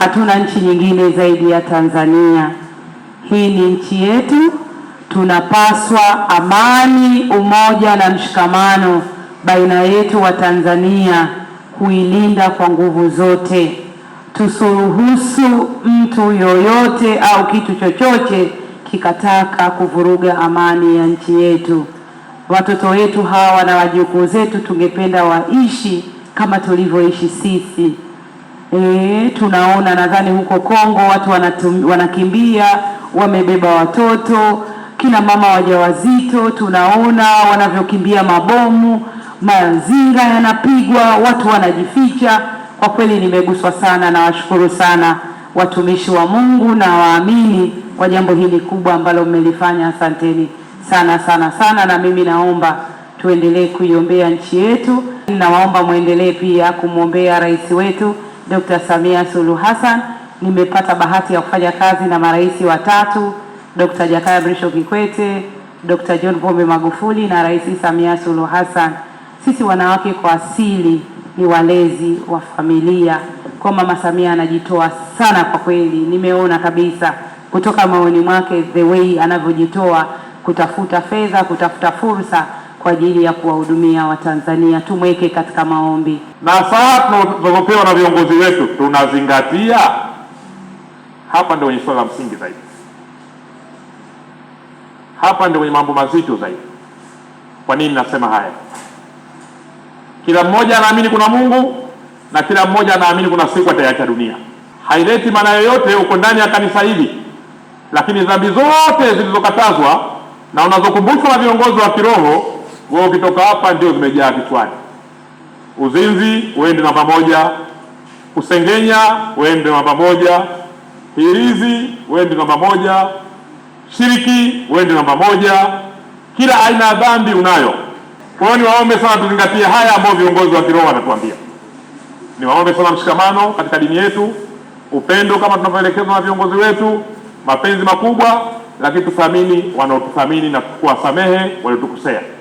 Hatuna nchi nyingine zaidi ya Tanzania. Hii ni nchi yetu. Tunapaswa amani, umoja na mshikamano baina yetu wa Tanzania kuilinda kwa nguvu zote. Tusiruhusu mtu yoyote au kitu chochote kikataka kuvuruga amani ya nchi yetu. Watoto wetu hawa na wajukuu zetu tungependa waishi kama tulivyoishi sisi. E, tunaona nadhani huko Kongo watu wanatum, wanakimbia wamebeba watoto, kina mama wajawazito, tunaona wanavyokimbia mabomu, mazinga yanapigwa, watu wanajificha. Kwa kweli nimeguswa sana, na washukuru sana watumishi wa Mungu na waamini kwa jambo hili kubwa ambalo mmelifanya. Asanteni sana sana sana, na mimi naomba tuendelee kuiombea nchi yetu, nawaomba mwendelee pia kumwombea rais wetu Dr. Samia Suluhu Hassan. Nimepata bahati ya kufanya kazi na marais watatu Dr. Jakaya Mrisho Kikwete, Dr. John Pombe Magufuli na Rais Samia Suluhu Hassan. Sisi wanawake kwa asili ni walezi wa familia, kwa Mama Samia anajitoa sana kwa kweli, nimeona kabisa kutoka maoni mwake the way anavyojitoa kutafuta fedha, kutafuta fursa kwa ajili ya kuwahudumia Watanzania. Tumweke katika maombi na saa tunazopewa na viongozi wetu tunazingatia. Hapa ndio wenye swala la msingi zaidi, hapa ndio wenye mambo mazito zaidi. Kwa nini nasema haya? Kila mmoja anaamini kuna Mungu na kila mmoja anaamini kuna siku ataiacha dunia. Haileti maana yoyote, uko ndani ya kanisa hili, lakini dhambi zote zilizokatazwa na unazokumbushwa na viongozi wa kiroho wewe ukitoka hapa ndio zimejaa kichwani. Uzinzi uende namba moja, kusengenya uende namba moja, hirizi uende namba moja, shiriki uende namba moja, kila aina ya dhambi unayo. Kwa hiyo niwaombe sana tuzingatie haya ambayo viongozi wa kiroho wanatuambia. Niwaombe sana mshikamano katika dini yetu, upendo kama tunavyoelekezwa na viongozi wetu, mapenzi makubwa, lakini tuthamini wanaotuthamini na kuwasamehe waliotukosea.